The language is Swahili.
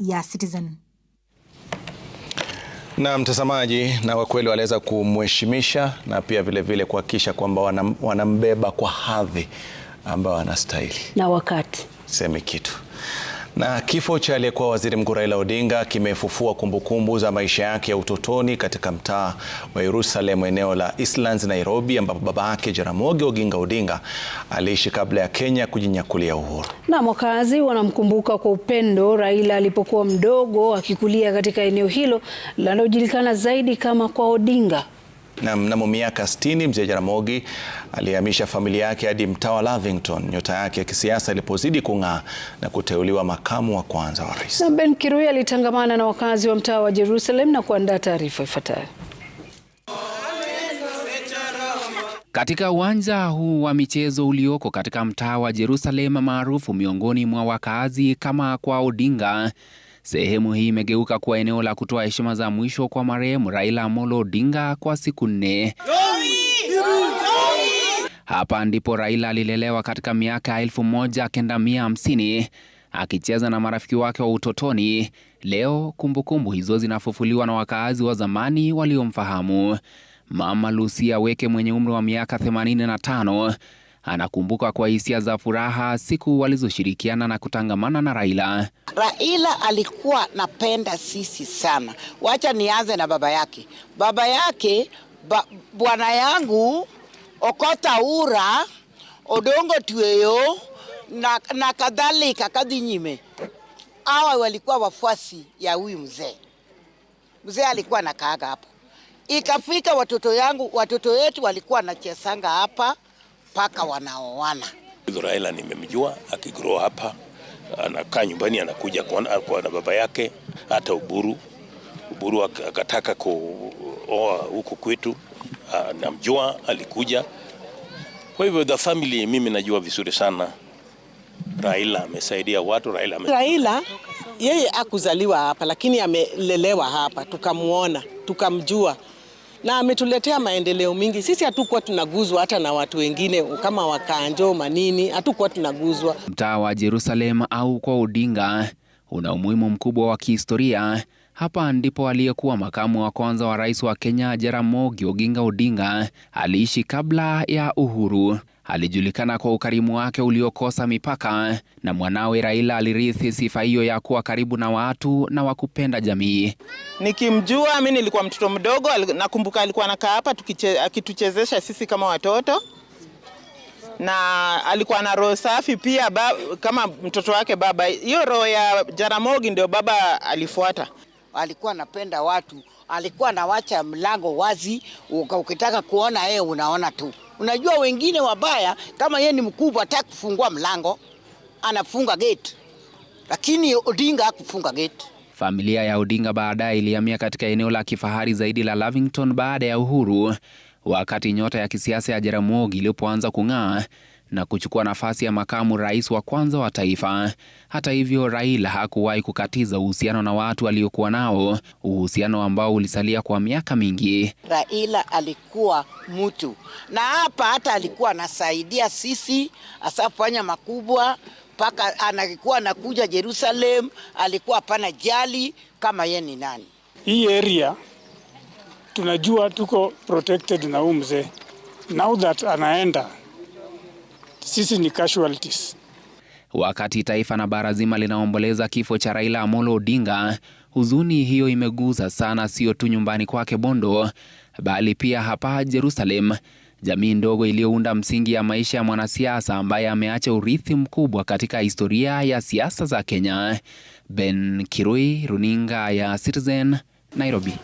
ya Citizen. Na mtazamaji na wakweli waliweza kumheshimisha na pia vilevile kuhakikisha kwamba wanambeba kwa hadhi ambayo anastahili na wakati Sema kitu na kifo cha aliyekuwa waziri mkuu Raila Odinga kimefufua kumbukumbu za maisha yake ya utotoni katika mtaa wa Yerusalemu eneo la Eastlands Nairobi, ambapo baba yake Jaramogi Oginga Odinga aliishi kabla ya Kenya kujinyakulia uhuru. Na wakazi wanamkumbuka kwa upendo Raila alipokuwa mdogo akikulia katika eneo hilo linalojulikana zaidi kama kwa Odinga na mnamo miaka 60 mzee Jaramogi alihamisha familia yake hadi mtaa wa Lavington, nyota yake ya kisiasa ilipozidi kung'aa na kuteuliwa makamu wa kwanza wa rais. Na Ben Kirui alitangamana na wakazi wa mtaa wa Jerusalem na kuandaa taarifa ifuatayo. Katika uwanja huu wa michezo ulioko katika mtaa wa Jerusalem maarufu miongoni mwa wakazi kama kwa Odinga Sehemu hii imegeuka kuwa eneo la kutoa heshima za mwisho kwa marehemu Raila Amolo Odinga kwa siku nne. Hapa ndipo Raila alilelewa katika miaka ya elfu moja kenda mia hamsini akicheza na marafiki wake wa utotoni. Leo kumbukumbu hizo zinafufuliwa na wakaazi wa zamani waliomfahamu. Mama Lucia Weke mwenye umri wa miaka 85 anakumbuka kwa hisia za furaha siku walizoshirikiana na kutangamana na Raila. Raila alikuwa napenda sisi sana. Wacha nianze na baba yake. Baba yake ba, bwana yangu Okota Ura Odongo Tueyo na, na kadhalika Kadhinyime, hawa walikuwa wafuasi ya huyu mzee. Mzee alikuwa nakaaga hapo, ikafika watoto yangu, watoto wetu walikuwa wanachesanga hapa mpaka wanaoana. Raila nimemjua akigrow hapa, anakaa nyumbani, anakuja kwa na baba yake. Hata Uburu Uburu akataka kuoa huku kwetu, namjua, alikuja. Kwa hivyo the family, mimi najua vizuri sana. Raila amesaidia watu. Raila, ame... Raila yeye akuzaliwa hapa lakini amelelewa hapa, tukamwona tukamjua na ametuletea maendeleo mingi. Sisi hatukuwa tunaguzwa hata na watu wengine kama Wakanjo, Manini, hatukuwa tunaguzwa. Mtaa wa Jerusalem au kwa Odinga una umuhimu mkubwa wa kihistoria. Hapa ndipo aliyekuwa makamu wa kwanza wa rais wa Kenya Jaramogi Oginga Odinga aliishi kabla ya uhuru alijulikana kwa ukarimu wake uliokosa mipaka, na mwanawe Raila alirithi sifa hiyo ya kuwa karibu na watu na wa kupenda jamii. Nikimjua mi nilikuwa mtoto mdogo, nakumbuka alikuwa anakaa hapa akituchezesha sisi kama watoto, na alikuwa na roho safi pia ba, kama mtoto wake baba. Hiyo roho ya Jaramogi ndio baba alifuata alikuwa anapenda watu, alikuwa anawacha mlango wazi, ukitaka kuona yeye unaona tu. Unajua wengine wabaya, kama yeye ni mkubwa, hataki kufungua mlango, anafunga gate, lakini Odinga hakufunga gate. Familia ya Odinga baadaye ilihamia katika eneo la kifahari zaidi la Lavington baada ya uhuru, wakati nyota ya kisiasa ya Jaramogi ilipoanza kung'aa na kuchukua nafasi ya makamu rais wa kwanza wa taifa. Hata hivyo, Raila hakuwahi kukatiza uhusiano na watu aliokuwa nao, uhusiano ambao ulisalia kwa miaka mingi. Raila alikuwa mtu na hapa, hata alikuwa anasaidia sisi, asafanya makubwa mpaka anakuwa anakuja Jerusalem, alikuwa hapana jali kama ye ni nani. Hii area tunajua tuko protected na huyu mzee, now that anaenda sisi ni casualties. Wakati taifa na bara zima linaomboleza kifo cha Raila Amolo Odinga, huzuni hiyo imegusa sana, sio tu nyumbani kwake Bondo, bali pia hapa Jerusalem, jamii ndogo iliyounda msingi ya maisha ya mwanasiasa ambaye ameacha urithi mkubwa katika historia ya siasa za Kenya. Ben Kirui, runinga ya Citizen, Nairobi.